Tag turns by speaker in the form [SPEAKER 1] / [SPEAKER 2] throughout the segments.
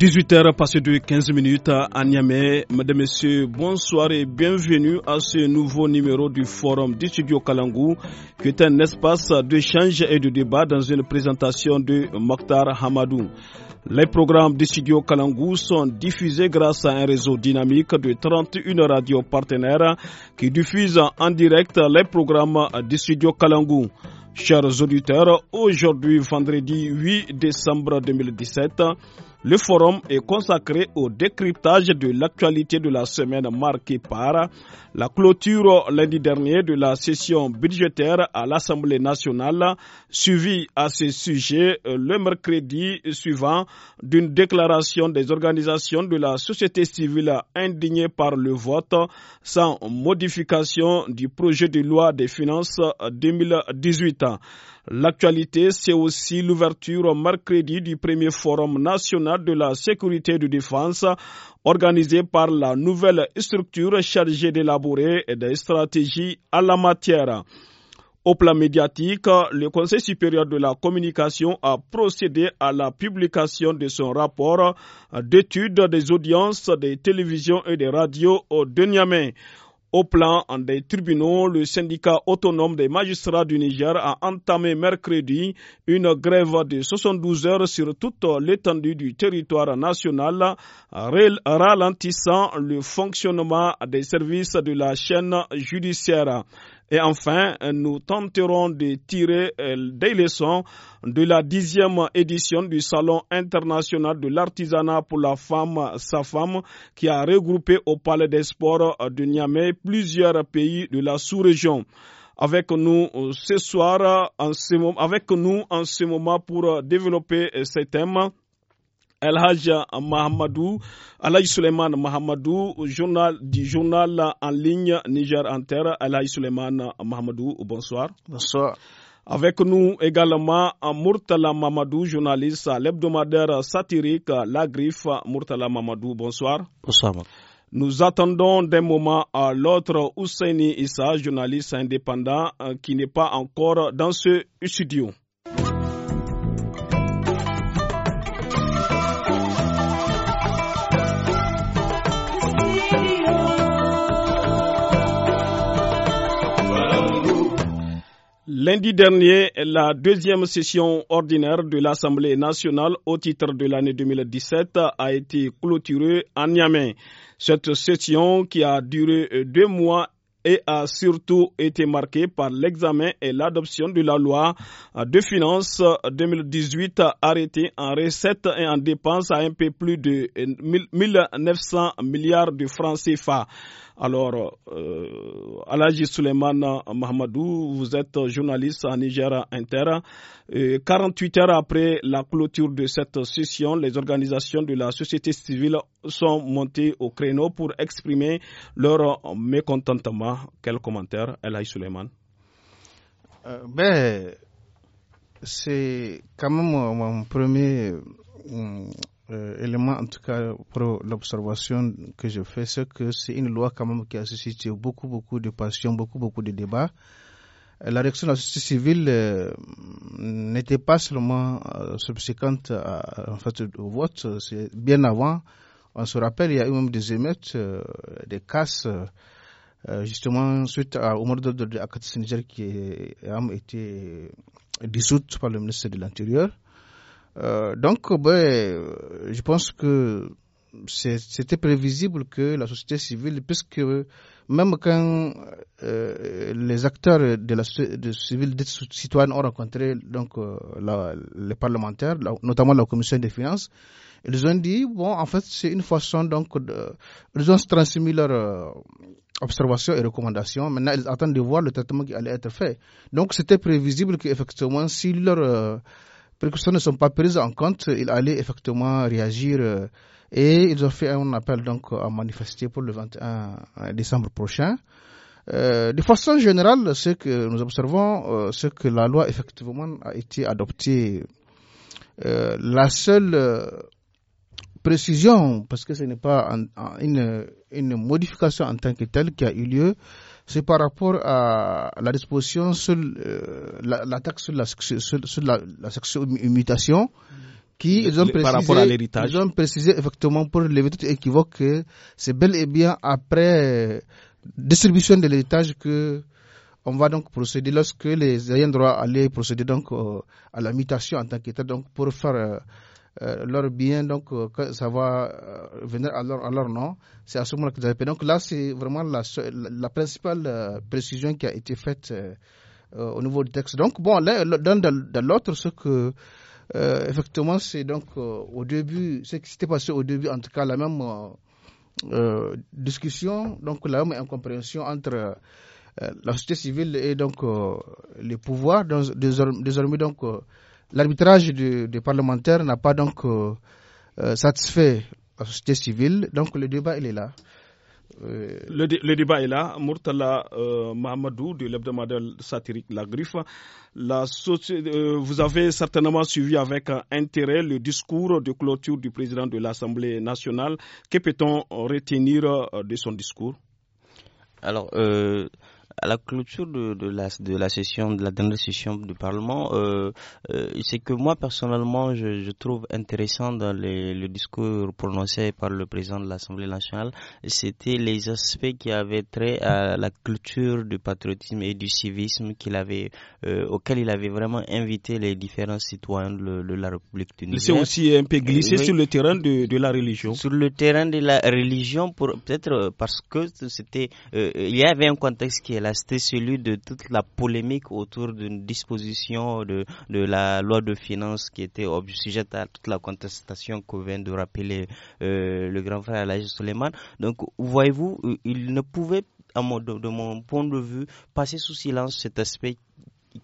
[SPEAKER 1] 18h passé de 15 minutes à Niamey. Mesdames, Messieurs, bonsoir et bienvenue à ce nouveau numéro du Forum du Studio Kalangou, qui est un espace d'échange et de débat dans une présentation de Mokhtar Hamadou. Les programmes du Studio Kalangou sont diffusés grâce à un réseau dynamique de 31 radios partenaires qui diffusent en direct les programmes du Studio Kalangou. Chers auditeurs, aujourd'hui, vendredi 8 décembre 2017, le forum est consacré au décryptage de l'actualité de la semaine marquée par la clôture lundi dernier de la session budgétaire à l'Assemblée nationale, suivie à ce sujet euh, le mercredi suivant d'une déclaration des organisations de la société civile indignée par le vote sans modification du projet de loi des finances 2018. L'actualité, c'est aussi l'ouverture mercredi du premier forum national de la sécurité et de défense organisé par la nouvelle structure chargée d'élaborer des stratégies à la matière. Au plan médiatique, le Conseil supérieur de la communication a procédé à la publication de son rapport d'étude des audiences des télévisions et des radios au Deniamin. Au plan des tribunaux, le syndicat autonome des magistrats du Niger a entamé mercredi une grève de 72 heures sur toute l'étendue du territoire national, ralentissant le fonctionnement des services de la chaîne judiciaire. Et enfin, nous tenterons de tirer euh, des leçons de la dixième édition du Salon international de l'artisanat pour la femme, sa femme, qui a regroupé au Palais des Sports euh, de Niamey plusieurs pays de la sous-région avec nous euh, ce soir, avec nous en ce moment pour développer ces thèmes. El Mahamadou, Alay Suleiman Mahamadou, journal, du journal en ligne Niger en terre. Suleiman Mahamadou, bonsoir. Bonsoir. Avec nous également Murtala Mamadou, journaliste l'hebdomadaire satirique La Griffe. Murtala Mamadou, bonsoir. Bonsoir. Nous attendons d'un moment à l'autre Ousseini Issa, journaliste indépendant euh, qui n'est pas encore dans ce studio. Lundi dernier, la deuxième session ordinaire de l'Assemblée nationale au titre de l'année 2017 a été clôturée à Niamey. Cette session qui a duré deux mois et a surtout été marquée par l'examen et l'adoption de la loi de finances 2018 arrêtée en recettes et en dépenses à un peu plus de 1900 milliards de francs CFA. Alors, euh, Alaji Suleiman vous êtes journaliste à Niger Inter. 48 heures après la clôture de cette session, les organisations de la société civile sont montées au créneau pour exprimer leur mécontentement. Quel commentaire, Alaji Suleiman euh, ben,
[SPEAKER 2] C'est quand même mon premier euh, euh, élément, en tout cas, pour l'observation que je fais, c'est que c'est une loi quand même qui a suscité beaucoup, beaucoup de passion, beaucoup, beaucoup de débats. Euh, la réaction de la société civile euh, n'était pas seulement euh, subséquente en fait, au vote, c'est bien avant. On se rappelle, il y a eu même des émeutes, des casses, justement, suite au mort de, Akati qui a été dissoute par le ministre de l'Intérieur. Euh, donc, ben, je pense que c'était prévisible que la société civile, puisque même quand euh, les acteurs de la société civile, des citoyens ont rencontré donc, euh, la, les parlementaires, notamment la commission des finances, ils ont dit, bon, en fait, c'est une façon, donc, de, ils ont transmis leur... observations et recommandations. Maintenant, ils attendent de voir le traitement qui allait être fait. Donc, c'était prévisible qu'effectivement, si leur précautions ne sont pas prises en compte, ils allaient effectivement réagir euh, et ils ont fait un appel donc à manifester pour le 21 euh, décembre prochain. Euh, de façon générale, ce que nous observons, ce c'est que la loi effectivement a été adoptée. la seule précision, parce que ce n'est pas une modification en tant que telle qui a eu lieu, c'est par rapport à la disposition sur euh, la, taxe sur la, sur, sur la, section mutation qui, ils ont, précisé, par rapport à ils ont précisé effectivement pour lever tout équivoque que c'est bel et bien après distribution de l'héritage que on va donc procéder lorsque les ayants droit aller procéder donc à la mutation en tant qu'État donc pour faire euh, euh, leur bien, donc euh, ça va euh, venir à leur, à leur nom. C'est à ce moment-là que peur Donc là, c'est vraiment la, la principale précision qui a été faite au niveau du texte. Donc bon, là, dans, l'autre, ce que effectivement, c'est donc au début, ce qui s'était passé au début, en tout cas, la même discussion, donc la même incompréhension entre la société civile et donc les pouvoirs. désormais, donc, L'arbitrage des parlementaires n'a pas donc euh, euh, satisfait la société civile, donc le débat il est là. Euh,
[SPEAKER 1] le, débat est là. Murtala de l'hebdomadaire satirique La Griffe. vous avez certainement suivi avec intérêt le discours de clôture du président de l'Assemblée nationale. Que peut-on retenir de son discours
[SPEAKER 3] Alors, à la clôture de, de, la, de la session, de la dernière session du Parlement, euh, euh, c'est que moi personnellement, je, trouve intéressant dans le discours prononcé par le président de l'Assemblée nationale, c'était les aspects qui avaient trait à la culture du patriotisme et du civisme qu'il avait, euh, auquel il avait vraiment invité les différents citoyens de, la République tunisienne. C'est aussi un peu glissé sur le terrain de, de, la religion. Sur le terrain de la religion, peut-être parce que c'était, il y avait un contexte qui est là c'était celui de toute la polémique autour d'une disposition de, la loi de finances qui était sujette à toute la contestation que vient de rappeler euh, le grand frère Alain Soleiman. Donc, voyez-vous, euh, il ne pouvait, à de, de mon point de vue, passer sous silence cet aspect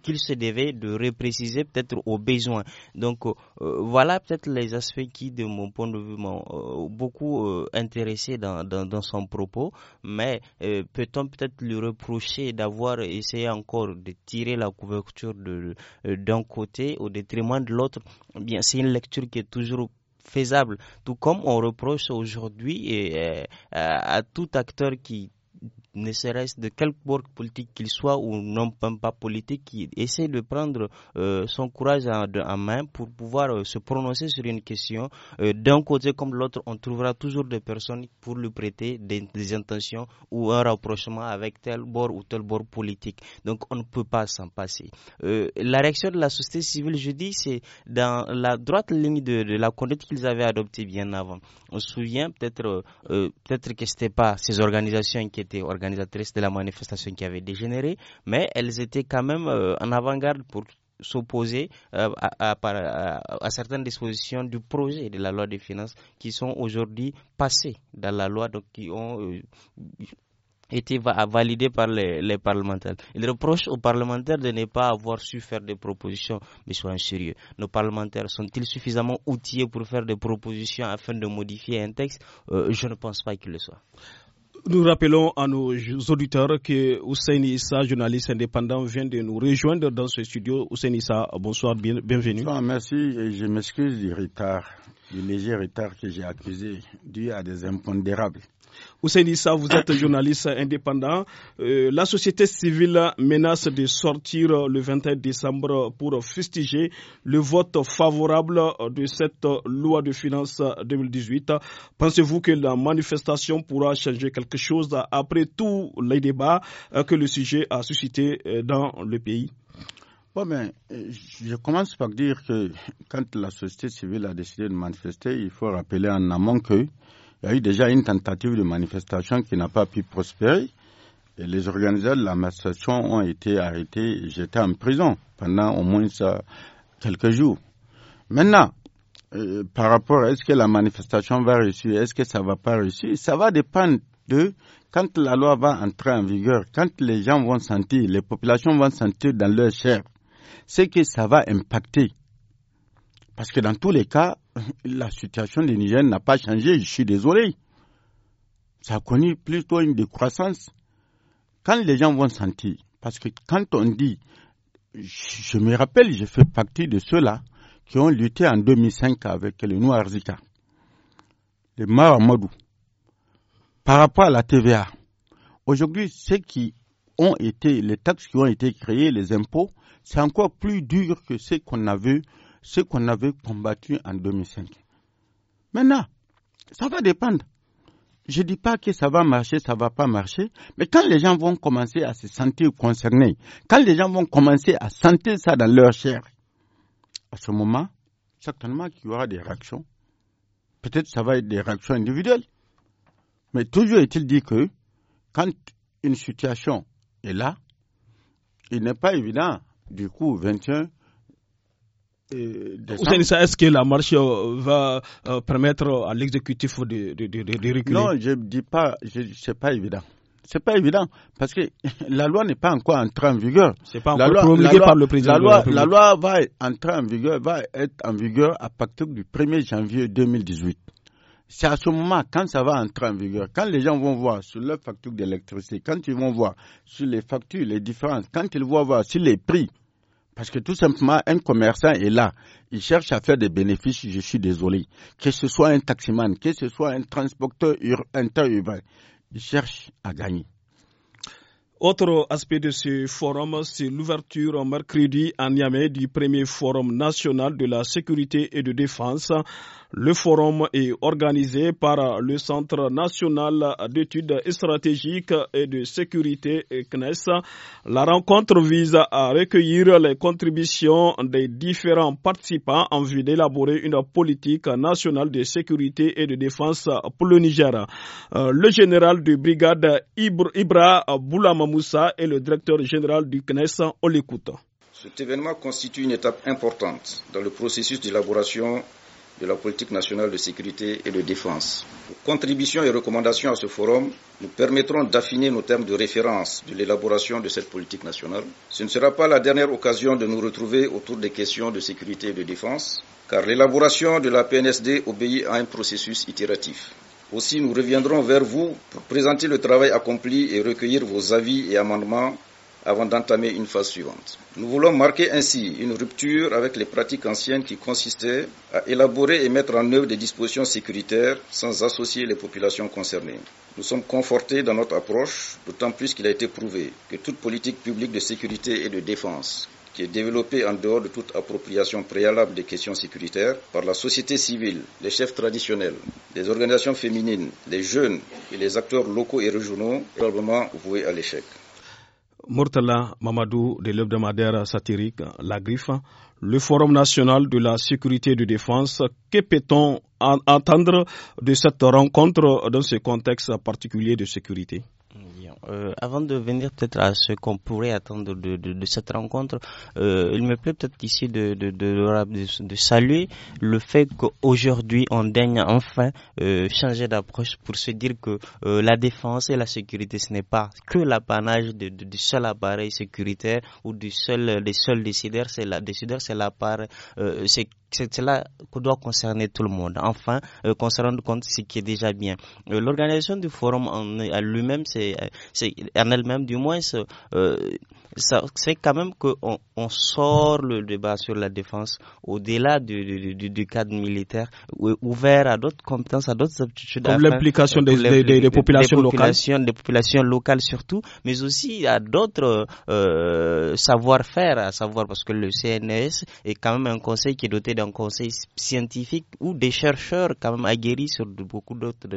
[SPEAKER 3] qu'il se devait de repréciser peut-être aux besoins. Donc euh, voilà peut-être les aspects qui, de mon point de vue, m'ont euh, beaucoup euh, intéressé dans, son propos, mais peut-on peut-être lui reprocher d'avoir essayé encore de tirer la couverture d'un côté au détriment de l'autre eh Bien, c'est une lecture qui est toujours faisable, tout comme on reproche aujourd'hui à tout acteur qui ne serait-ce de quelque bord politique qu'il soit ou non pas politique, qui essaie de prendre euh, son courage en, main pour pouvoir euh, se prononcer sur une question. Euh, d'un côté comme de l'autre, on trouvera toujours des personnes pour lui prêter des, intentions ou un rapprochement avec tel bord ou tel bord politique. Donc on ne peut pas s'en passer. la réaction de la société civile, je dis, c'est dans la droite ligne de, la conduite qu'ils avaient adoptée bien avant. On se souvient peut-être peut-être que ce n'était pas ces organisations qui étaient organisatrices de la manifestation qui avait dégénéré, mais elles étaient quand même euh, en avant-garde pour s'opposer euh, à, certaines dispositions du projet de la loi des finances qui sont aujourd'hui passées dans la loi, donc qui ont euh, été validées par les, parlementaires. Il reproche aux parlementaires de ne pas avoir su faire des propositions, mais soyons sérieux. Nos parlementaires sont-ils suffisamment outillés pour faire des propositions afin de modifier un texte Je ne pense pas qu'ils le soient.
[SPEAKER 1] Nous rappelons à nos auditeurs que Hussein Issa, journaliste indépendant, vient de nous rejoindre dans ce studio. Hussein Issa, bonsoir, bienvenue. merci et je m'excuse du retard, du léger retard
[SPEAKER 4] que j'ai accusé dû à des impondérables.
[SPEAKER 1] Issa, vous êtes journaliste indépendant. Euh, la société civile menace de sortir le 21 décembre pour fustiger le vote favorable de cette loi de finances 2018. Pensez-vous que la manifestation pourra changer quelque chose après tous les débats que le sujet a suscité euh, dans le pays euh,
[SPEAKER 4] je commence par dire que quand la société civile a décidé de manifester, il faut rappeler en amont que il y a eu déjà une tentative de manifestation qui n'a pas pu prospérer. Et les organisateurs de la manifestation ont été arrêtés et en prison pendant au moins quelques jours. Maintenant, euh, par rapport à est-ce que la manifestation va réussir, est-ce que ça va pas réussir, ça va dépendre de quand la loi va entrer en vigueur, quand les gens vont sentir, les populations vont sentir dans leur chair, ce que ça va impacter. Parce que dans tous les cas, la situation des Niger n'a pas changé, je suis désolé. Ça a connu plutôt une décroissance. Quand les gens vont sentir, parce que quand on dit, je me rappelle, je fais partie de ceux-là qui ont lutté en 2005 avec le Noir Zika, le Maramadou, par rapport à la TVA. Aujourd'hui, ceux qui ont été, les taxes qui ont été créées, les impôts, c'est encore plus dur que ce qu'on a vu ce qu'on avait combattu en 2005. Maintenant, ça va dépendre. Je ne dis pas que ça va marcher, ça ne va pas marcher, mais quand les gens vont commencer à se sentir concernés, quand les gens vont commencer à sentir ça dans leur chair, à ce moment, certainement qu'il y aura des réactions. Peut-être ça va être des réactions individuelles. Mais toujours est-il dit que quand une situation est là, il n'est pas évident, du coup, 21, est-ce
[SPEAKER 1] que la marche euh, va euh, permettre à l'exécutif de, de, Non, je ne dis pas, ce n'est pas évident. C'est pas évident
[SPEAKER 4] parce que la loi n'est pas encore entrée en vigueur. la loi, va entrer en vigueur, va être en vigueur à partir du 1er janvier 2018. C'est à ce moment, quand ça va entrer en vigueur, quand les gens vont voir sur leur facture d'électricité, quand ils vont voir sur les factures, les différences, quand ils vont voir sur les prix parce que tout simplement, un commerçant est là. Il cherche à faire des bénéfices, je suis désolé. Que ce soit un taximan, que ce soit un transporteur interurbain, il cherche à gagner.
[SPEAKER 1] Autre aspect de ce forum, c'est l'ouverture mercredi à Niamey du premier forum national de la sécurité et de défense le forum est organisé par le Centre national d'études stratégiques et de sécurité CNES. La rencontre vise à recueillir les contributions des différents participants en vue d'élaborer une politique nationale de sécurité et de défense pour le Niger. Euh, le général de brigade Ibra Boulamamoussa et le directeur général du CNES, on l'écoute.
[SPEAKER 5] Cet événement constitue une étape importante dans le processus d'élaboration de la politique nationale de sécurité et de défense. Vos contributions et recommandations à ce forum nous permettront d'affiner nos termes de référence de l'élaboration de cette politique nationale. Ce ne sera pas la dernière occasion de nous retrouver autour des questions de sécurité et de défense, car l'élaboration de la PNSD obéit à un processus itératif. Aussi, nous reviendrons vers vous pour présenter le travail accompli et recueillir vos avis et amendements avant d'entamer une phase suivante. Nous voulons marquer ainsi une rupture avec les pratiques anciennes qui consistaient à élaborer et mettre en œuvre des dispositions sécuritaires sans associer les populations concernées. Nous sommes confortés dans notre approche, d'autant plus qu'il a été prouvé que toute politique publique de sécurité et de défense qui est développée en dehors de toute appropriation préalable des questions sécuritaires par la société civile, les chefs traditionnels, les organisations féminines, les jeunes et les acteurs locaux et régionaux, est probablement vouée à l'échec.
[SPEAKER 1] Murtala Mamadou de Madère satirique La Griffe, le Forum national de la sécurité et de défense, que peut-on entendre de cette rencontre dans ce contexte particulier de sécurité euh,
[SPEAKER 3] avant de venir peut-être à ce qu'on pourrait attendre de, cette rencontre, euh, il me plaît peut-être ici de, de, saluer le fait qu'aujourd'hui on daigne enfin euh, changer d'approche pour se dire que la défense et la sécurité ce n'est pas que l'apanage du seul appareil sécuritaire ou du seul des seuls décideurs, c'est la décideur c'est c'est c'est cela que doit concerner tout le monde. Enfin, euh, qu'on se rende compte ce qui est déjà bien. Euh, l'organisation du forum en, lui-même, c'est en elle-même, du moins, euh, ça quand même qu'on on sort le débat sur la défense au-delà du, cadre militaire, ouvert à d'autres compétences, à d'autres aptitudes. Comme l'implication des, des, des, populations locales. Des populations locales surtout, mais aussi à d'autres euh, savoir-faire, à savoir parce que le CNS est quand même un conseil qui est doté d'un conseil scientifique où des chercheurs quand même aguerris sur beaucoup d'autres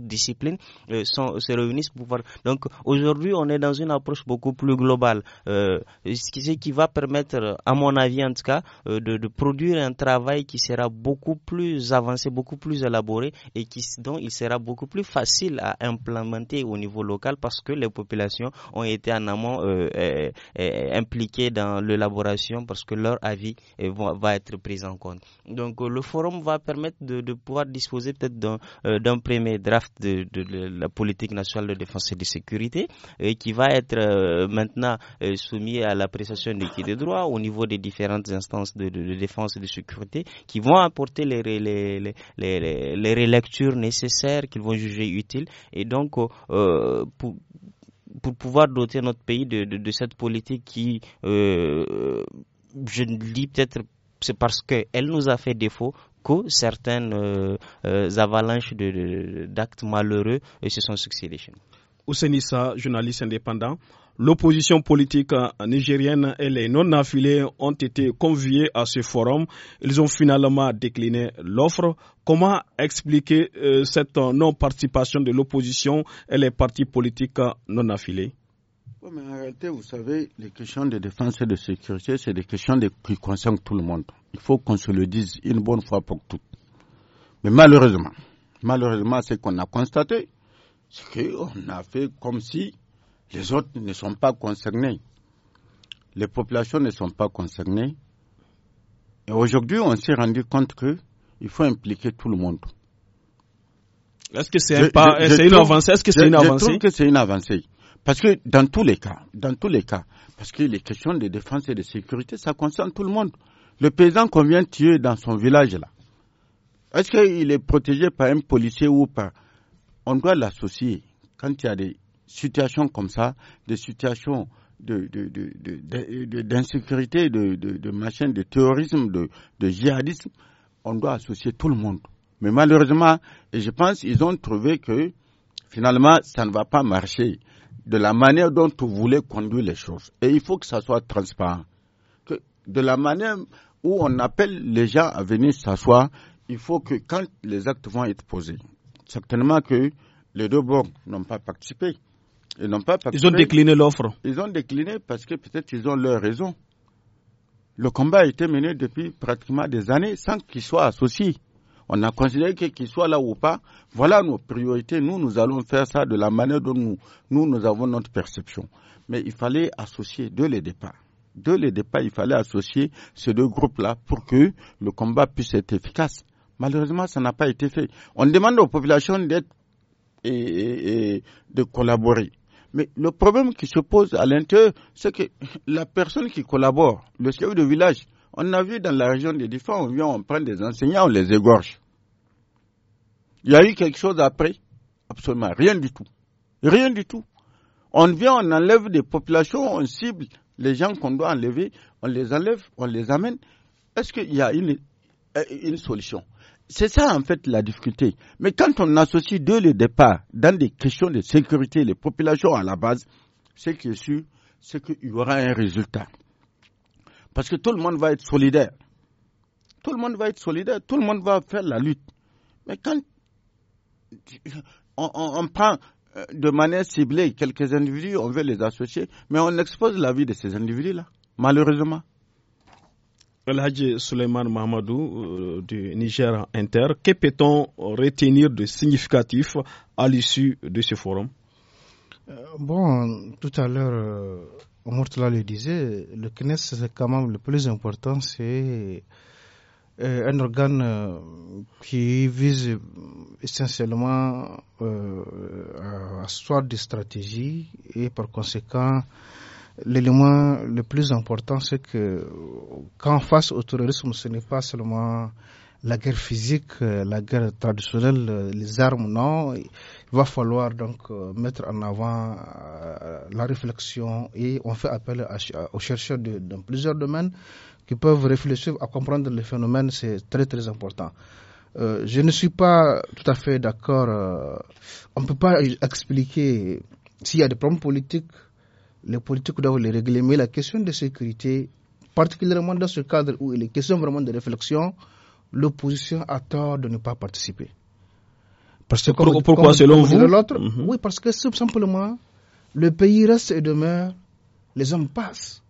[SPEAKER 3] disciplines euh, sont, se réunissent pour voir. Donc aujourd'hui, on est dans une approche beaucoup plus globale. Euh, ce qui va permettre, à mon avis en tout cas, euh, de, produire un travail qui sera beaucoup plus avancé, beaucoup plus élaboré et qui, dont il sera beaucoup plus facile à implémenter au niveau local parce que les populations ont été en amont euh, impliquées dans l'élaboration parce que leur avis va, être pris en compte. Donc le forum va permettre de, pouvoir disposer peut-être d'un premier draft de, de, la politique nationale de défense et de sécurité et qui va être maintenant soumis à l'appréciation de qui de droit au niveau des différentes instances de, défense et de sécurité qui vont apporter les, les, relectures nécessaires qu'ils vont juger utiles. Et donc, euh, pour, pouvoir doter notre pays de, cette politique qui, euh, je dis peut-être, c'est parce qu'elle nous a fait défaut que certaines euh, euh, avalanches d'actes malheureux se sont succédés chez nous. journaliste
[SPEAKER 1] indépendant, L'opposition politique nigérienne et les non-affiliés ont été conviés à ce forum. Ils ont finalement décliné l'offre. Comment expliquer euh, cette non-participation de l'opposition et les partis politiques non-affiliés
[SPEAKER 4] en réalité, vous savez, les questions de défense et de sécurité, c'est des questions qui concernent tout le monde. Il faut qu'on se le dise une bonne fois pour toutes. Mais malheureusement, malheureusement, ce qu'on a constaté, c'est qu'on a fait comme si les autres ne sont pas concernés. Les populations ne sont pas concernées. Et aujourd'hui, on s'est rendu compte qu'il faut impliquer tout le monde.
[SPEAKER 1] Est-ce que c'est une avancée Je trouve que
[SPEAKER 4] c'est une avancée. Parce que dans tous les cas, dans tous les cas, parce que les questions de défense et de sécurité, ça concerne tout le monde. Le paysan qu'on vient tuer dans son village là, est-ce qu'il est protégé par un policier ou pas On doit l'associer. Quand il y a des situations comme ça, des situations d'insécurité, de, de, de, de, machin, de terrorisme, de, de djihadisme, on doit associer tout le monde. Mais malheureusement, et je pense ils ont trouvé que finalement, ça ne va pas marcher de la manière dont on voulait conduire les choses. Et il faut que ça soit transparent. Que de la manière où on appelle les gens à venir s'asseoir, il faut que quand les actes vont être posés, certainement que les deux banques n'ont pas participé. Ils ont décliné l'offre. Ils ont décliné parce que peut-être ils ont leur raison. Le combat a été mené depuis pratiquement des années sans qu'ils soient associés. On a considéré que qu'ils soient là ou pas, voilà nos priorités. Nous, nous allons faire ça de la manière dont nous, nous, nous avons notre perception. Mais il fallait associer dès le départ. Dès le départ, il fallait associer ces deux groupes-là pour que le combat puisse être efficace. Malheureusement, ça n'a pas été fait. On demande aux populations d'être et, de collaborer. Mais le problème qui se pose à l'intérieur, c'est que la personne qui collabore, le chef de village, on a vu dans la région des différents, on vient, on prend des enseignants, on les égorge. Il y a eu quelque chose après Absolument rien du tout. Rien du tout. On vient, on enlève des populations, on cible les gens qu'on doit enlever, on les enlève, on les amène. Est-ce qu'il y a une, une solution c'est ça en fait la difficulté. Mais quand on associe dès le départ dans des questions de sécurité les populations à la base, ce qui est sûr, c'est qu'il y aura un résultat. Parce que tout le monde va être solidaire. Tout le monde va être solidaire, tout le monde va faire la lutte. Mais quand on, on prend euh, de manière ciblée quelques individus, on veut
[SPEAKER 1] les associer, mais on expose la vie de ces individus-là, malheureusement. Alhaji Suleiman Mahamadou euh, du Niger Inter, que peut-on retenir de significatif à l'issue de ce forum
[SPEAKER 2] euh, Bon, tout à l'heure, euh, Murtala le disait, le CNES, c'est quand même le plus important, c'est un organe qui vise essentiellement à soit des stratégies et par conséquent l'élément le plus important, c'est que quand face au terrorisme, ce n'est pas seulement la guerre physique, euh, la guerre traditionnelle, euh, les armes, non. Il va falloir donc euh, mettre en avant la réflexion et on fait appel aux chercheurs de, dans plusieurs domaines qui peuvent réfléchir à comprendre les phénomènes. C'est très très important. je ne suis pas tout à fait d'accord. on ne peut pas expliquer s'il y a des problèmes politiques les politiques doivent les régler. Mais la question de sécurité, particulièrement dans ce cadre où il est question vraiment de réflexion, l'opposition a tort de ne pas participer. Parce que pourquoi selon vous mhm. Oui, parce que simplement, le pays reste et demeure, les hommes passent.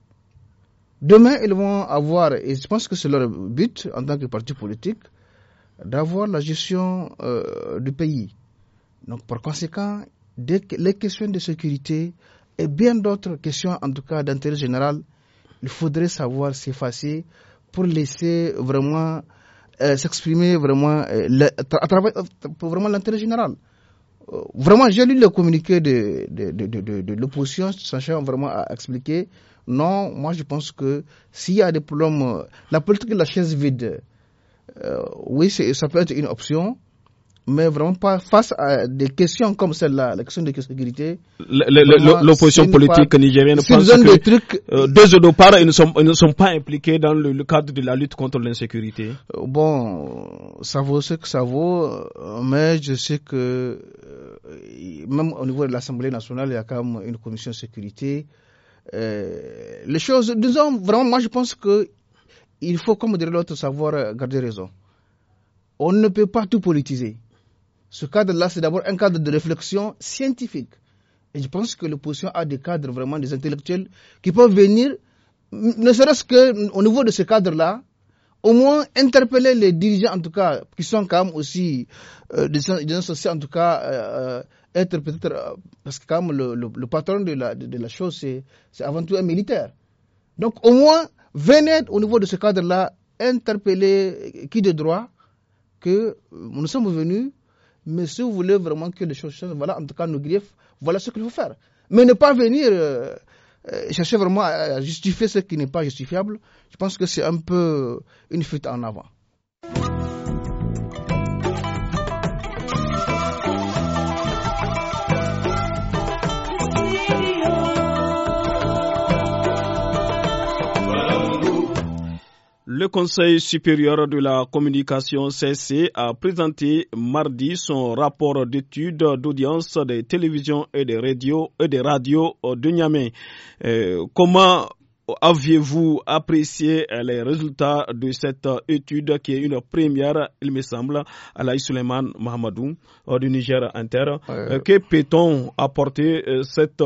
[SPEAKER 2] Demain, ils vont avoir, et je pense que c'est leur but en tant que parti politique, d'avoir la gestion euh, du pays. Donc, par conséquent, dès que les questions de sécurité et bien d'autres questions, en tout cas d'intérêt général, il faudrait savoir s'effacer pour laisser vraiment euh, s'exprimer vraiment euh, à pour vraiment l'intérêt général. Euh, vraiment, j'ai lu le communiqué de, de, de, de, de l'opposition, vraiment à expliquer. Non, moi je pense que s'il y a des problèmes, la politique de la chaise vide, oui, ça peut être une option, mais vraiment pas face à des questions comme celle-là, la question de la sécurité.
[SPEAKER 1] L'opposition politique nigérienne pense que trucs, euh, deux de part, ils ne, sont, pas impliqués dans le, cadre de la lutte contre l'insécurité. Euh, bon, ça vaut ce que ça vaut, euh, mais
[SPEAKER 2] je sais que même au niveau de l'Assemblée nationale, il y a quand même une commission sécurité. les choses, disons, vraiment, moi je pense que il faut, comme dirait l'autre, savoir garder raison. On ne peut pas tout politiser ce cadre-là, c'est d'abord un cadre de réflexion scientifique. Et je pense que l'opposition a des cadres vraiment, des intellectuels, qui peuvent venir, ne serait-ce qu'au niveau de ce cadre-là, au moins interpeller les dirigeants, en tout cas, qui sont quand même aussi, euh, des gens en tout cas, euh, euh être peut-être, euh, parce que quand même le, le, patron de la, de, la chose, c'est avant tout un militaire. Donc au moins, venez au niveau de ce cadre-là, interpeller qui de droit que nous sommes venus mais si vous voulez vraiment que les choses changent, voilà en tout cas nos griefs, voilà ce qu'il faut faire. Mais ne pas venir euh, euh, chercher vraiment à justifier ce qui n'est pas justifiable, je pense que c'est un peu une fuite en avant.
[SPEAKER 1] Le Conseil supérieur de la communication CC a présenté mardi son rapport d'étude d'audience des télévisions et des radios et des radios de Niamey. Euh, comment aviez-vous apprécié euh, les résultats de cette euh, étude qui est une première, il me semble, à la Suleiman Mahamadou euh, du Niger Inter Que peut-on apporter cette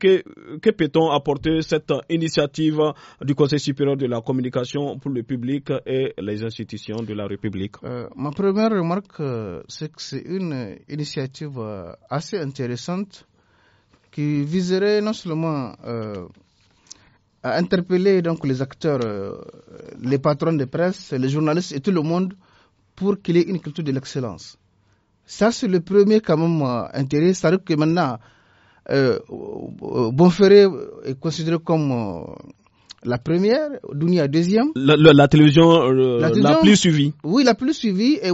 [SPEAKER 1] que, cette initiative du Conseil supérieur de la communication pour le public et les institutions de la République
[SPEAKER 2] Ma première remarque, c'est que c'est une initiative assez intéressante qui viserait non seulement à interpeller donc les acteurs, euh, les patrons de presse, les journalistes et tout le monde pour qu'il y ait une culture de l'excellence. Ça, c'est le premier quand même euh, intérêt. Ça veut dire que maintenant, euh, Bonferré est considéré comme euh, la première, Dunia deuxième.
[SPEAKER 1] La, la télévision, la, plus suivie.
[SPEAKER 2] Oui, la plus suivie. Et,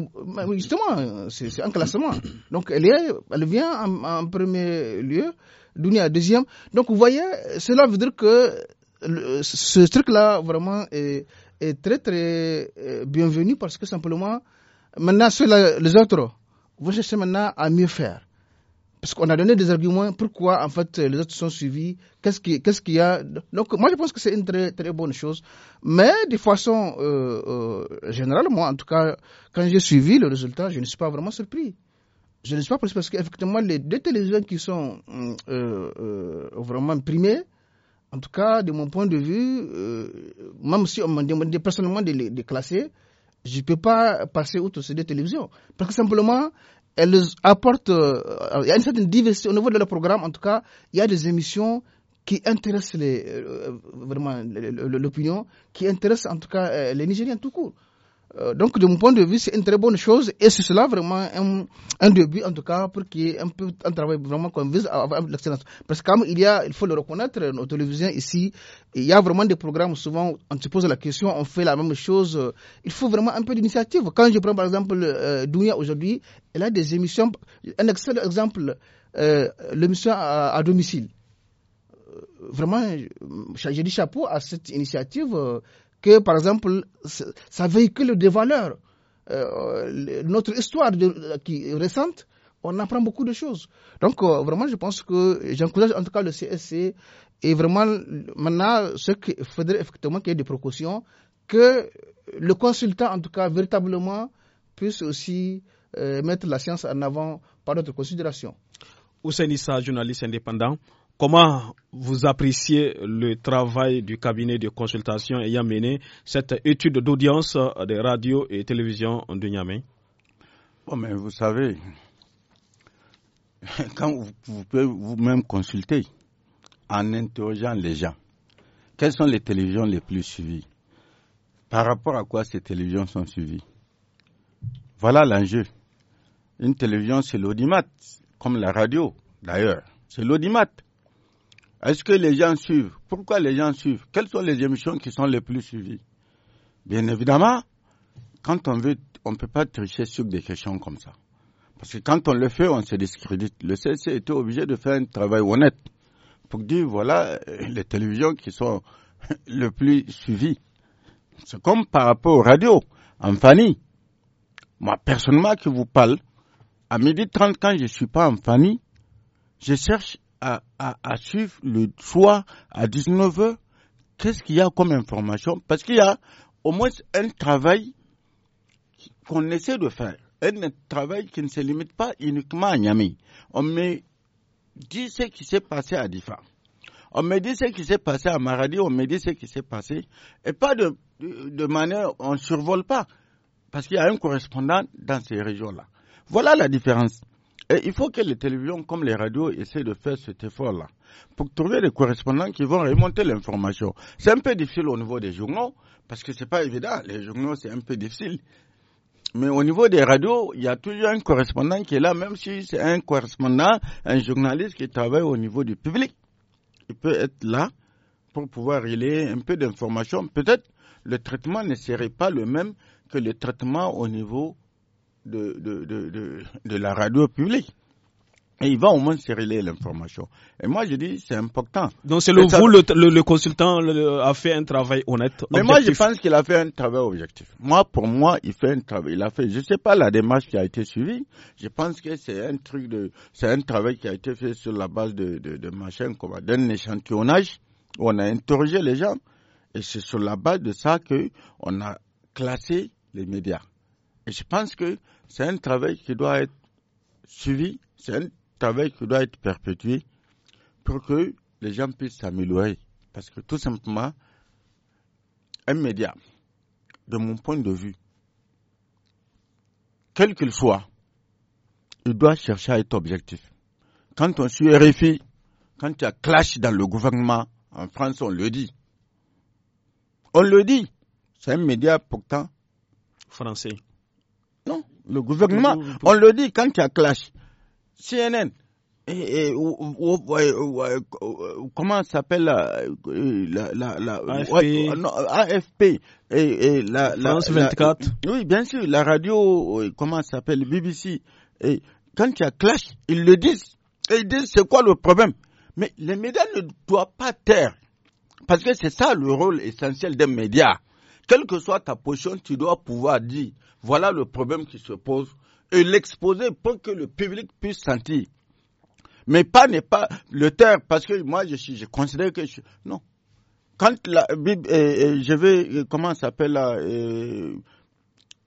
[SPEAKER 2] justement, c'est un classement. Donc, elle, vient en, premier lieu. Dunia deuxième. Donc, vous voyez, cela veut dire que ce truc-là, vraiment, est, est, très, très euh, bienvenu parce que simplement, maintenant, les autres, vous cherchez maintenant à mieux faire. Parce qu'on a donné des arguments pourquoi, en fait, les autres sont suivis, qu'est-ce qu'il qu'il y a. Donc, moi, je pense que c'est une très, très bonne chose. Mais, de façon euh, euh, générale, moi, en tout cas, quand j'ai suivi le résultat, je ne suis pas vraiment surpris. Je ne suis pas surpris parce qu'effectivement, les deux télévisions qui sont vraiment primées, en tout cas, de mon point de vue, euh, même si on m'a demandé personnellement de les classer, je ne peux pas passer outre ces deux télévisions. Parce que simplement, elles apportent, euh, il y a une certaine diversité au niveau de leur programme, en tout cas, il y a des émissions qui intéressent les, euh, vraiment l'opinion, qui intéressent en tout cas les Nigériens tout court. Euh, donc, de mon point de vue, c'est une très bonne chose et c'est cela vraiment un, un, début, en tout cas, pour qu'il y ait un, peu, un travail vraiment qu'on vise à l'excellence. Parce qu'il il y a, il faut le reconnaître, nos télévisions ici, il y a vraiment des programmes, souvent, on se pose la question, on fait la même chose. Il faut vraiment un peu d'initiative. Quand je prends, par exemple, euh, aujourd'hui, elle a des émissions, un excellent exemple, euh, l'émission à, à domicile euh, vraiment, j'ai dit chapeau à cette initiative que, par exemple, ça véhicule des valeurs. Euh, notre histoire qui est récente, on apprend beaucoup de choses. Donc, euh, vraiment, je pense que j'encourage en tout cas le CSC et vraiment, maintenant, ce qu'il faudrait effectivement qu'il y ait des précautions, que le consultant, en tout cas, véritablement, puisse aussi euh, mettre la science en avant par notre considération.
[SPEAKER 1] Ousseinissa, journaliste indépendant, Comment vous appréciez le travail du cabinet de consultation ayant mené cette étude d'audience des radios et télévisions de Niamey
[SPEAKER 4] bon, mais Vous savez, quand vous, vous pouvez vous-même consulter en interrogeant les gens, quelles sont les télévisions les plus suivies Par rapport à quoi ces télévisions sont suivies Voilà l'enjeu. Une télévision, c'est l'audimat, comme la radio d'ailleurs. C'est l'audimat. Est-ce que les gens suivent Pourquoi les gens suivent Quelles sont les émissions qui sont les plus suivies Bien évidemment, quand on veut, on ne peut pas tricher sur des questions comme ça. Parce que quand on le fait, on se discrédite. Le CC était obligé de faire un travail honnête pour dire voilà euh, les télévisions qui sont les plus suivies. C'est comme par rapport aux radios. En famille, moi personnellement qui vous parle, à midi 30 quand je ne suis pas en famille, je cherche à, suivre le soir à 19h Qu'est-ce qu'il y a comme information Parce qu'il y a au moins un travail qu'on essaie de faire. Un travail qui ne se limite pas uniquement à Niamey. On me dit ce qui s'est passé à Difa. On me dit ce qui s'est passé à Maradi, on me dit ce qui s'est passé. Et pas de, de manière, on ne survole pas. Parce qu'il y a un correspondant dans ces régions-là. Voilà la différence. Et il faut que les télévisions comme les radios essaient de faire cet effort-là pour trouver des correspondants qui vont remonter l'information. C'est un peu difficile au niveau des journaux parce que ce n'est pas évident. Les journaux, c'est un peu difficile. Mais au niveau des radios, il y a toujours un correspondant qui est là, même si c'est un correspondant, un journaliste qui travaille au niveau du public. Il peut être là pour pouvoir relayer un peu d'information. Peut-être le traitement ne serait pas le même que le traitement au niveau de, de, de, de la radio publique. Et il va au moins se l'information. Et moi, je dis, c'est important.
[SPEAKER 1] Donc, c'est le, vous, le, consultant a fait un travail honnête. Mais moi, je
[SPEAKER 4] pense qu'il a fait un travail objectif. Moi, pour moi, il fait un travail. Il a fait, je sais pas la démarche qui a été suivie. Je pense que c'est un truc de, c'est un travail qui a été fait sur la base de, de, de machin, d'un échantillonnage où on a interrogé les gens. Et c'est sur la base de ça que on a classé les médias. Et je pense que c'est un travail qui doit être suivi, c'est un travail qui doit être perpétué pour que les gens puissent s'améliorer. Parce que tout simplement, un média, de mon point de vue, quel qu'il soit, il doit chercher à être objectif. Quand on suit RFI, quand il y a clash dans le gouvernement, en France, on le dit. On le dit. C'est un média
[SPEAKER 1] pourtant français. Le gouvernement, on
[SPEAKER 4] le dit quand il y a clash. CNN, comment s'appelle la, AFP, et, la, France 24. oui, bien sûr, la radio, comment s'appelle, BBC. Et quand il y a clash, ils le disent. ils disent c'est quoi le problème. Mais les médias ne doivent pas taire. Parce que c'est ça le rôle essentiel des médias. Quelle que soit ta position, tu dois pouvoir dire voilà le problème qui se pose. Et l'exposer pour que le public puisse sentir. Mais pas n'est pas le terme, parce que moi, je, suis, je considère que je, non. Quand la euh, euh, je vais, euh, comment s'appelle là,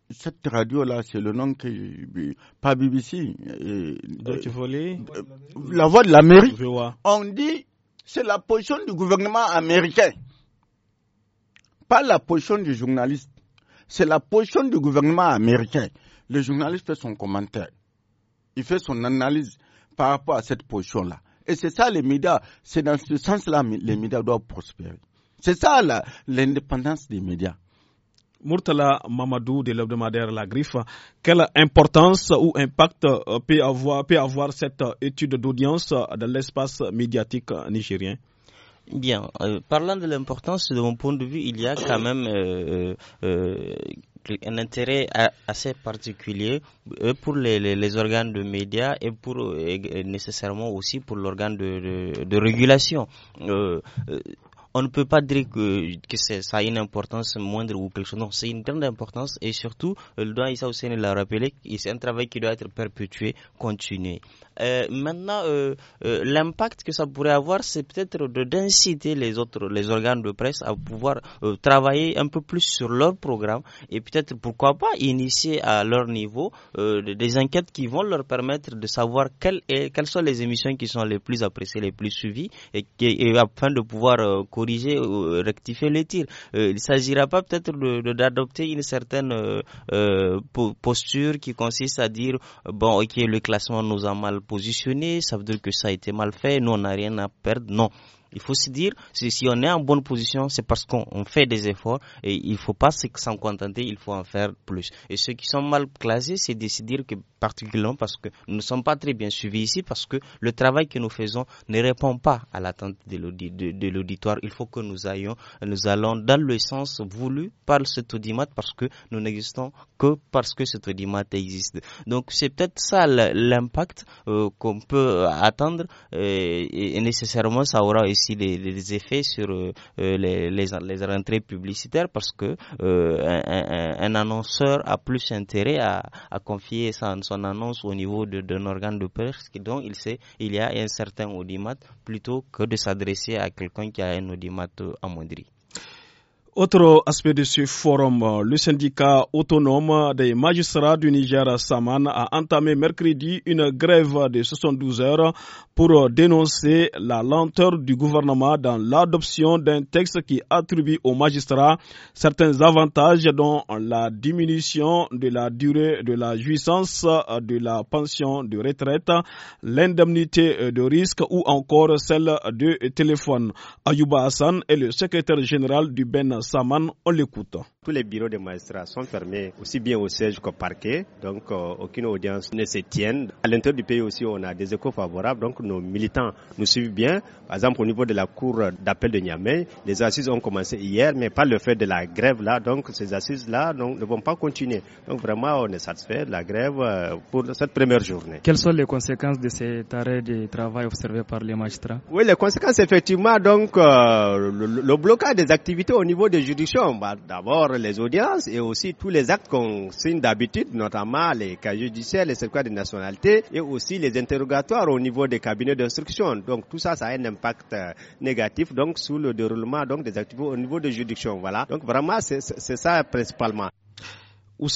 [SPEAKER 4] cette radio-là, c'est le nom que, pas BBC. La voix de l'Amérique.
[SPEAKER 1] On dit, c'est
[SPEAKER 4] la position du gouvernement américain. Pas la position du journaliste. C'est la position du gouvernement américain. Le journaliste fait son commentaire. Il fait son analyse par rapport à cette position-là. Et c'est ça les médias. C'est dans ce
[SPEAKER 1] sens-là les médias doivent prospérer. C'est ça l'indépendance des médias. Murtala Mamadou de l'hebdomadaire La Griffe, quelle importance ou impact euh, peut avoir, peut avoir cette euh, étude d'audience euh, dans l'espace médiatique nigérien
[SPEAKER 3] Bien, euh, parlant de l'importance, de mon point de vue, il y a quand même euh, euh, un intérêt assez particulier pour les, organes de médias et pour nécessairement aussi pour l'organe de, régulation on ne peut pas dire que, que ça a une importance moindre ou quelque chose. Non, c'est une grande importance et surtout, le doigt Issa Hussein l'a rappelé, c'est un travail qui doit être perpétué, continué. Euh, maintenant, euh, euh, l'impact que ça pourrait avoir, c'est peut-être d'inciter les autres, les organes de presse à pouvoir travailler un peu plus sur leur programme et peut-être, pourquoi pas, initier à leur niveau des enquêtes qui vont leur permettre de savoir quelles, quelles sont les émissions qui sont les plus appréciées, les plus suivies et, et afin de pouvoir corriger, ou euh, rectifier les tirs. Euh, il ne s'agira pas peut-être d'adopter une certaine euh, posture qui consiste à dire bon ok le classement nous a mal positionné. ça veut dire que ça a été mal fait, nous on n'a rien à perdre. Non, il faut se dire, si on est en bonne position, c'est parce qu'on fait des efforts et il ne faut pas s'en contenter, il faut en faire plus. Et ceux qui sont mal classés, c'est de se dire que particulièrement parce que nous ne sommes pas très bien suivis ici, parce que le travail que nous faisons ne répond pas à l'attente de l'auditoire. Il faut que nous ayons, nous allons dans le sens voulu par cet audimat parce que nous n'existons que parce que cet audimat existe. Donc c'est peut-être ça l'impact euh, qu'on peut attendre euh, et, nécessairement ça aura aussi des, effets sur euh, euh, les, les, rentrées publicitaires parce que euh, un, annonceur a plus intérêt à, confier son, annonce au niveau d'un organe de presse dont il sait il y a un certain audimat plutôt que de s'adresser à quelqu'un qui a un audimat amoindri.
[SPEAKER 1] Autre aspect de ce forum, le syndicat autonome des magistrats du Niger Saman a entamé mercredi une grève de 72 heures pour dénoncer la lenteur du gouvernement dans l'adoption d'un texte qui attribue aux magistrats certains avantages dont la diminution de la durée de la jouissance de la pension de retraite, l'indemnité de risque ou encore celle de téléphone. Ayouba Hassan est le secrétaire général du Ben Saman, on l'écoute.
[SPEAKER 3] Tous les bureaux de magistrats sont fermés, aussi bien au siège qu'au parquet, donc euh, aucune audience ne se tienne. À l'intérieur du pays aussi, on a des échos favorables, donc nos militants nous suivent bien. Par exemple, au niveau de la cour d'appel de Niamey, les assises ont commencé hier, mais pas le fait de la grève là, donc ces assises là ne vont pas continuer. Donc vraiment, on est satisfait de la grève euh, pour cette première journée. Quelles sont les conséquences de cet arrêt de travail observé par les magistrats Oui, les conséquences effectivement, donc euh, le, blocage des activités au niveau des juridictions, bah, d'abord les audiences et aussi tous les actes qu'on signe d'habitude, notamment les cas judiciaires, les circuits de nationalité et aussi les interrogatoires au niveau des cabinets d'instruction. Donc tout ça, ça a un impact euh, négatif donc sur le déroulement donc des activités au niveau de juridiction. Voilà. Donc vraiment c'est ça principalement.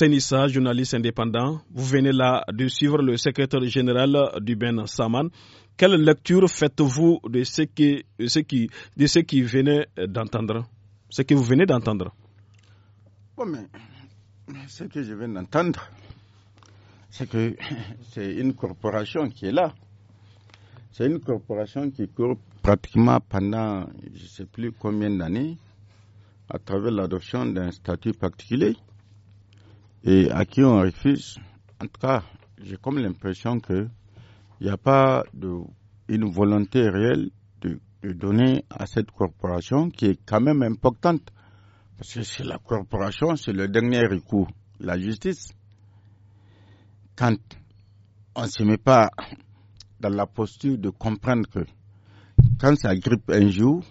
[SPEAKER 1] Nissa, journaliste indépendant, vous venez là de suivre le secrétaire général du Ben Saman. Quelle lecture faites-vous de ce qui, de ce qui, de ce qui venait d'entendre, ce que vous venez d'entendre
[SPEAKER 4] ce que je viens d'entendre, c'est que c'est une corporation qui est là. C'est une corporation qui, court pratiquement pendant je ne sais plus combien d'années à travers l'adoption d'un statut particulier et à qui on refuse. En tout cas, j'ai comme l'impression qu'il n'y a pas une volonté réelle de, donner à cette corporation qui est quand même importante. Parce que c'est la corporation, c'est le dernier recours, la justice. Quand on ne se met pas dans la posture de comprendre que quand ça grippe un jour,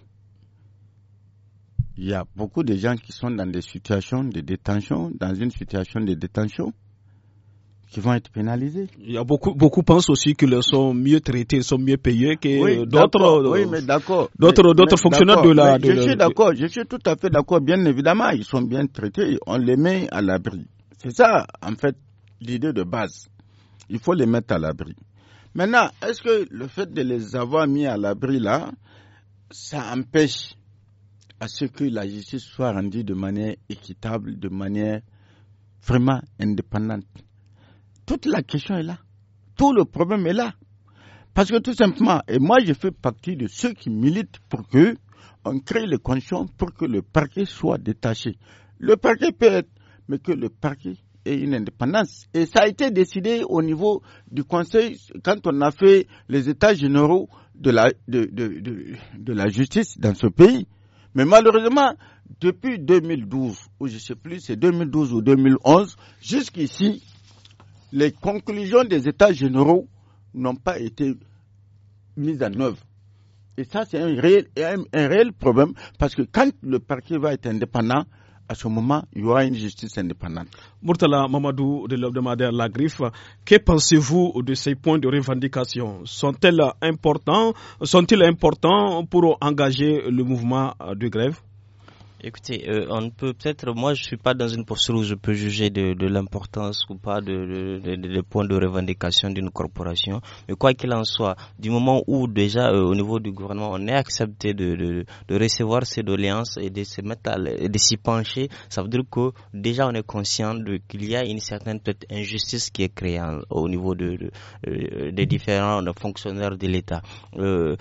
[SPEAKER 4] il y a beaucoup de gens qui sont dans des situations de détention, dans une situation de détention, qui vont être pénalisés. Il y a beaucoup,
[SPEAKER 1] beaucoup pensent aussi qu'ils sont mieux traités, ils sont mieux payés que d'autres, euh, mais
[SPEAKER 4] d'accord. D'autres, d'autres fonctionnaires de la. je suis d'accord, je suis tout à fait d'accord. Bien évidemment, ils sont bien traités, on les met à l'abri. C'est ça, en fait, l'idée de base. Il faut les mettre à l'abri. Maintenant, est-ce que le fait de les avoir mis à l'abri là, ça empêche à ce que la justice soit rendue de manière équitable, de manière vraiment indépendante Toute la question est là. Tout le problème est là. Parce que tout simplement, et moi je fais partie de ceux qui militent pour qu'on crée les conditions pour que le parquet soit détaché. Le parquet peut être, mais que le parquet et une indépendance. Et ça a été décidé au niveau du Conseil quand on a fait les États généraux de la, de, la justice dans ce pays. Mais malheureusement, depuis 2012, ou je sais plus, c'est 2012 ou 2011, jusqu'ici, les conclusions des États généraux n'ont pas été mises en œuvre. Et ça, c'est un réel, un, un réel problème, parce que quand le parquet va être indépendant, à ce moment, il y aura une justice indépendante.
[SPEAKER 1] Murtala Mamadou de l'hebdomadaire La Griffe, que pensez-vous de ces points de revendication Sont-ils importants, sont importants pour engager le mouvement de grève
[SPEAKER 3] Écoutez, euh, on peut peut-être, moi je ne suis pas dans une posture où je peux juger de, l'importance ou pas de, de, de, points de revendication d'une corporation, mais quoi qu'il en soit, du moment où déjà euh, au niveau du gouvernement on est accepté de, recevoir ces doléances et de se mettre à, s'y pencher, ça veut dire que déjà on est conscient qu'il y a une certaine injustice qui est créée au niveau de, euh, des différents fonctionnaires de l'État. Euh,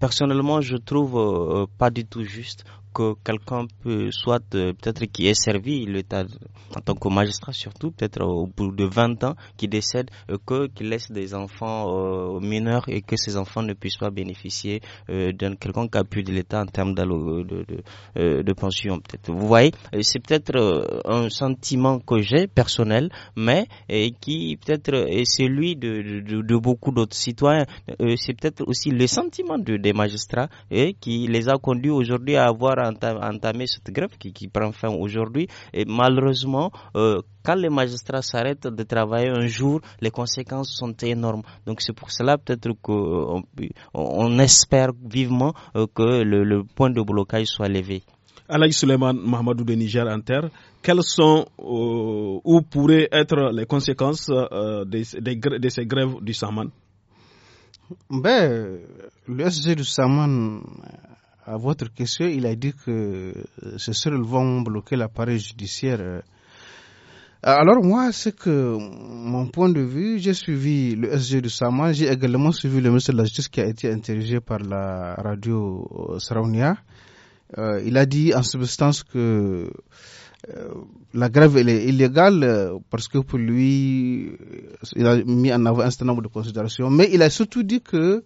[SPEAKER 3] personnellement, je trouve pas du tout juste que quelqu'un peut, soit euh, peut-être qui est servi l'État en tant que magistrat surtout, peut-être au bout de 20 ans, qui décède, euh, que qu'il laisse des enfants euh, mineurs et que ces enfants ne puissent pas bénéficier quelqu'un d'un quelconque appui de l'État en termes de, de, pension. Peut-être. Vous voyez, c'est peut-être un sentiment que j'ai personnel, mais qui peut-être est celui de, de, de beaucoup d'autres citoyens. c'est peut-être aussi le sentiment de, des magistrats qui les a conduits aujourd'hui à avoir à entamer cette grève qui, prend fin aujourd'hui. Et malheureusement, euh, quand les magistrats s'arrêtent de travailler un jour, les conséquences sont énormes. Donc c'est pour cela peut-être qu'on on espère vivement euh, que le, point de blocage soit levé. Alaï Suleiman Mahamadou de Niger en terre, quelles
[SPEAKER 1] sont euh, ou pourraient être les conséquences de, ces grèves du Saman
[SPEAKER 2] ben, le SG du Saman à votre question, il a dit que euh, ce seuls vont bloquer l'appareil judiciaire. Euh. Euh, alors moi, c'est que mon point de vue, j'ai suivi le SG du Sama, j'ai également suivi le ministre de la Justice qui a été interrogé par la radio Sraunia. il a dit en substance que la grève est illégale parce que pour lui, il a mis en avant un certain nombre de considérations. Mais il a surtout dit que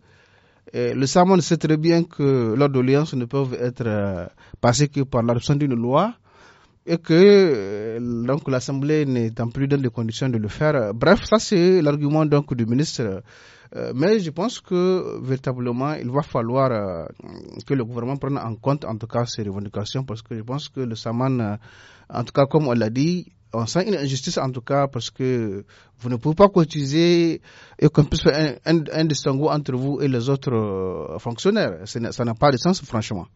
[SPEAKER 2] le Saman sait très bien que leurs doléances ne peuvent être euh, passées que par l'absence d'une loi et que euh, donc l'Assemblée en plus dans les conditions de le faire. Bref, ça c'est l'argument donc du ministre. Euh, mais je pense que véritablement il va falloir que le gouvernement prenne en compte en tout cas ces revendications parce que je pense que le Saman, en tout cas comme on l'a dit, on sent une injustice en tout cas parce que vous ne pouvez pas cotiser et qu'on puisse faire un, distinguo entre vous et les autres euh, fonctionnaires. Ça n'a pas de sens franchement.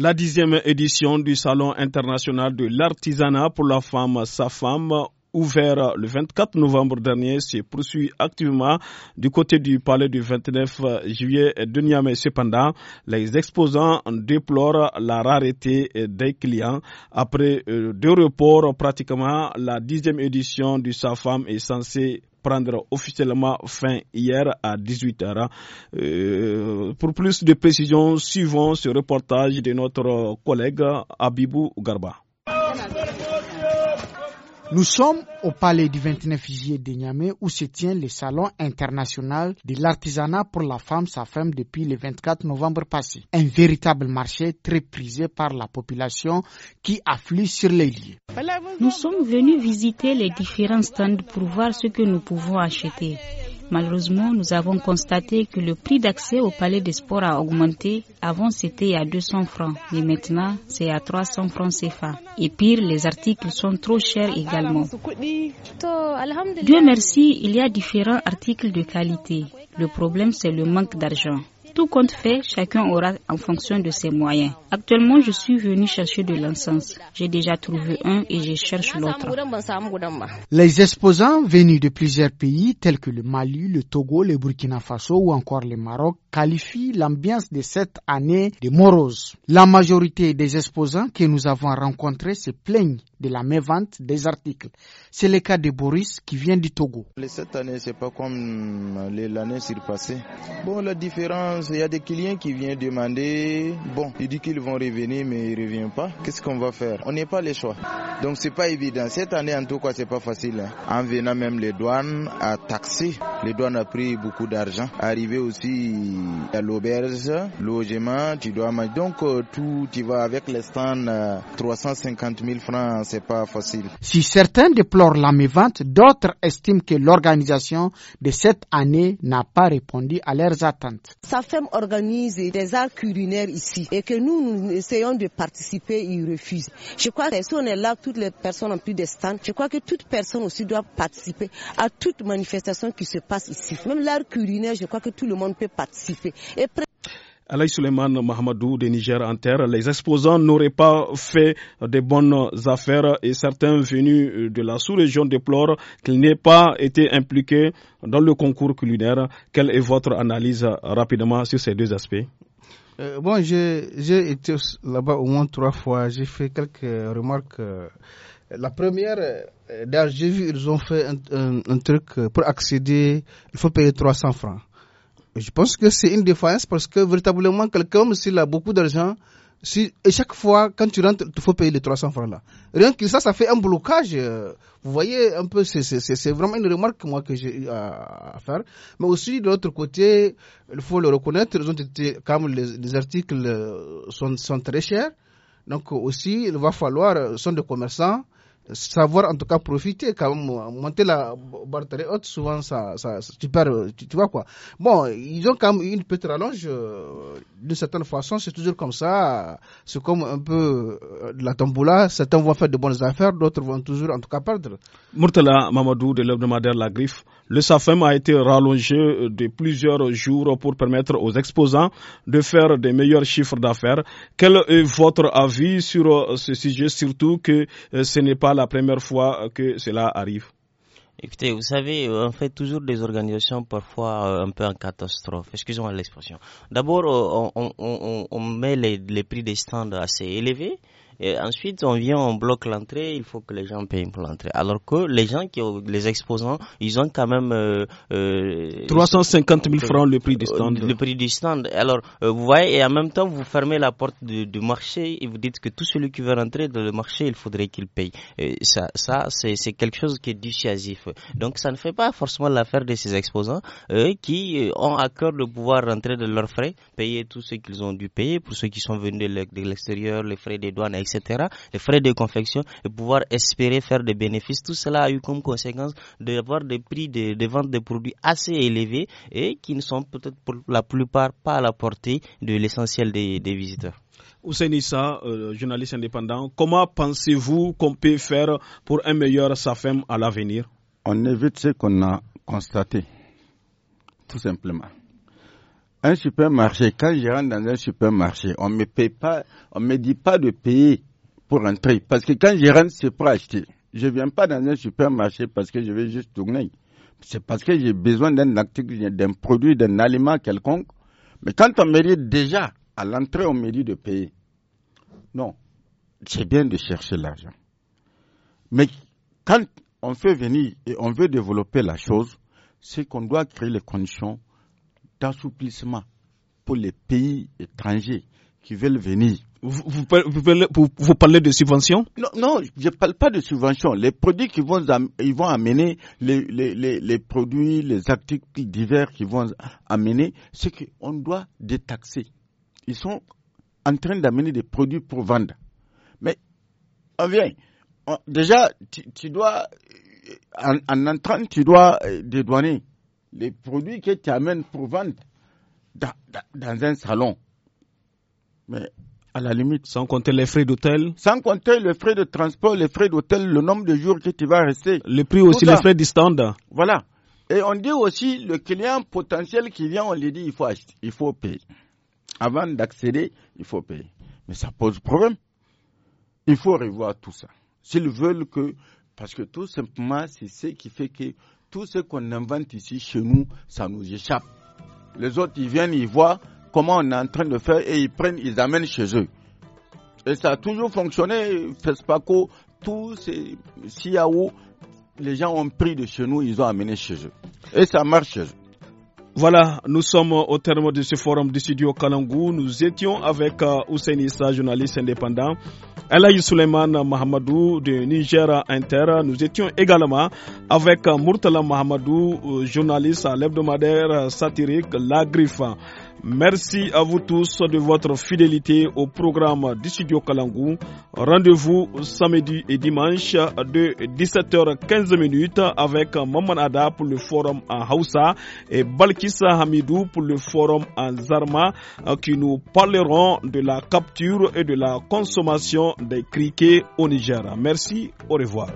[SPEAKER 1] La dixième édition du Salon international de l'artisanat pour la femme, sa femme, ouvert le 24 novembre dernier se poursuit activement du côté du palais du 29 juillet de Niamey. Cependant, les exposants déplorent la rareté des clients. Après euh, deux reports, pratiquement la dixième édition du SAFAM est censée prendre officiellement fin hier à 18h. Euh, pour plus de précisions, suivons ce reportage de notre collègue Abibou Garba. Nous sommes au
[SPEAKER 2] palais du 29 juillet de Niamey où se tient le salon international de l'artisanat pour la femme sa femme depuis le 24 novembre passé. Un véritable marché très prisé par la population qui afflue sur les lieux.
[SPEAKER 3] Nous sommes venus visiter les différents stands pour voir ce que nous pouvons acheter. Malheureusement, nous avons constaté que le prix d'accès au palais des sports a augmenté. Avant, c'était à 200 francs, mais maintenant, c'est à 300 francs CFA. Et pire, les articles sont trop chers également.
[SPEAKER 2] Dieu merci,
[SPEAKER 3] il y a différents articles de qualité. Le problème, c'est le manque d'argent. Tout compte fait, chacun aura en fonction de ses moyens. Actuellement, je suis venu chercher de l'encens. J'ai déjà trouvé un et je cherche l'autre. Les
[SPEAKER 2] exposants venus de plusieurs pays tels que le Mali, le Togo, le Burkina Faso ou encore le Maroc qualifient l'ambiance de cette année de morose. La majorité des exposants que nous avons rencontrés se plaignent de la vente des articles. C'est le cas de Boris qui vient du Togo.
[SPEAKER 4] Cette année, c'est pas comme l'année surpassée. Bon, la différence il y a des clients qui viennent demander, bon, ils disent qu'ils vont revenir, mais ils ne reviennent pas. Qu'est-ce qu'on va faire On n'est pas les choix. Donc c'est pas évident. Cette année, en tout cas, c'est pas facile. Hein. En venant même, les douanes à taxer. Les douanes a pris beaucoup d'argent. Arriver aussi à l'auberge, logement, tu dois manger. Donc euh, tout, tu vas avec les stands, 350 euh, 000 francs, c'est pas facile.
[SPEAKER 2] Si certains déplorent la mévente, d'autres estiment que l'organisation de cette année n'a pas répondu à leurs
[SPEAKER 1] attentes. Ça fait Organiser des arts culinaires ici et que nous, essayons de participer,
[SPEAKER 3] ils refusent. Je crois que si on est là, toutes les personnes en plus de stands. Je crois que toute personne aussi doit participer à toute manifestation qui se passe ici. Même l'art culinaire, je crois que tout le monde peut participer. Et
[SPEAKER 1] Alaï Suleiman Mahamadou de Niger en terre, les exposants n'auraient pas fait de bonnes affaires et certains venus de la sous-région déplorent qu'ils n'aient pas été impliqués dans le concours culinaire. Quelle est votre analyse rapidement sur ces deux aspects
[SPEAKER 2] euh, Bon, j'ai été là-bas au moins trois fois. J'ai fait quelques remarques. La première, euh, j'ai vu, ils ont fait un, un truc pour accéder, il faut payer 300 francs. Je pense que c'est une défaillance parce que véritablement, quelqu'un, s'il a beaucoup d'argent, et chaque fois, quand tu rentres, il faut payer les 300 francs là. Rien que ça, ça fait un blocage. Euh, vous voyez un peu, c'est vraiment une remarque moi que j'ai à, à, faire. Mais aussi, de l'autre côté, il faut le reconnaître, comme les, articles euh, sont, sont très chers. Donc aussi, il va falloir, euh, sont des commerçants, savoir en tout cas profiter quand même, monter la barre très haute, souvent ça, ça, tu perds, tu, vois quoi. Bon, ils ont quand même une petite rallonge, euh, d'une certaine façon, c'est toujours comme ça, c'est comme un peu euh, la tamboula certains vont faire de bonnes affaires, d'autres vont toujours en tout cas perdre.
[SPEAKER 1] Murtala Mamadou de l'hebdomadaire La Griffe, le SAFEM a été rallongé euh, de plusieurs jours pour permettre aux exposants de faire des meilleurs chiffres d'affaires. Quel est votre avis sur euh, ce sujet, surtout que euh, ce n'est pas la première fois que cela arrive
[SPEAKER 3] Écoutez, vous savez, on fait toujours des organisations parfois un peu en catastrophe. Excusez-moi l'expression. D'abord, on, met les prix des stands assez élevés. Et ensuite, on vient, on bloque l'entrée, il faut que les gens payent pour l'entrée. Alors que les gens qui ont, les exposants, ils ont quand même euh, 350
[SPEAKER 1] euh, 000 francs le prix du euh, stand. Le
[SPEAKER 3] prix du stand. Alors, euh, vous voyez, et en même temps, vous fermez la porte du, marché et vous dites que tout celui qui veut rentrer dans le marché, il faudrait qu'il paye. ça, ça c'est quelque chose qui est dissuasif. Donc, ça ne fait pas forcément l'affaire de ces exposants qui ont à cœur de pouvoir rentrer de leurs frais, payer tout ce qu'ils ont dû payer pour ceux qui sont venus de l'extérieur, les frais des douanes, etc etc., les frais de confection, et pouvoir espérer faire des bénéfices. Tout cela a eu comme conséquence d'avoir des prix de, vente de produits assez élevés et qui ne sont peut-être pour la plupart pas à la portée de l'essentiel des, visiteurs.
[SPEAKER 1] Ousse euh, journaliste indépendant, comment pensez-vous qu'on peut faire pour un meilleur SAFEM à l'avenir
[SPEAKER 4] On évite ce qu'on a constaté, tout simplement. Un supermarché, quand je rentre dans un supermarché, on me paye pas, on me dit pas de payer pour entrer. Parce que quand je rentre, c'est pour acheter. Je viens pas dans un supermarché parce que je veux juste tourner. C'est parce que j'ai besoin d'un article, d'un produit, d'un aliment quelconque. Mais quand on me dit déjà, à l'entrée, on me dit de payer. Non. C'est bien de chercher l'argent. Mais quand on fait venir et on veut développer la chose, c'est qu'on doit créer les conditions d'assouplissement pour les pays étrangers qui veulent venir. Vous, vous,
[SPEAKER 1] parlez de subventions
[SPEAKER 4] non, non, je ne parle pas de subventions. Les produits qui vont, ils vont amener, les, les, les, produits, les articles divers qui vont amener, c'est qu'on doit détaxer. Ils sont en train d'amener des produits pour vendre. Mais on vient. déjà, tu, dois, en, en, entrant, tu dois euh, dédouaner les produits que tu amènes pour vendre dans, un salon. Mais
[SPEAKER 1] à la limite. Sans compter les frais
[SPEAKER 4] d'hôtel. Sans compter les frais de transport, les frais d'hôtel, le nombre de jours que tu vas rester. Le prix aussi, les frais du stand. Voilà. Et on dit aussi le client potentiel qui vient, on lui dit il faut il faut payer. Avant d'accéder, il faut payer. Mais ça pose problème. Il faut revoir tout ça. S'ils veulent que, parce que tout simplement, c'est ce qui fait que tout ce qu'on invente ici chez nous, ça nous échappe. Les autres, ils viennent, ils voient comment on est en train de faire et ils prennent, ils amènent chez eux. Et ça a toujours fonctionné. FESPACO, tous ces CIAO, les gens ont pris de chez nous, ils ont amené chez eux. Et ça marche chez eux.
[SPEAKER 1] Voilà, nous sommes au terme de ce forum du studio Kalangou. Nous étions avec euh, Oussein Issa, journaliste indépendant. Alaï Suleiman Mahamadou de Niger Inter. Nous étions également avec Murtala Mahamadou, euh, journaliste à l'hebdomadaire satirique La Griffe. Merci à vous tous de votre fidélité au programme du studio Kalangou. Rendez-vous samedi et dimanche de 17h15 avec Maman Ada pour le forum en Hausa et Balkissa Hamidou pour le forum en Zarma euh, qui nous parleront de la capture et de la consommation des criquets au Niger. Merci, au revoir.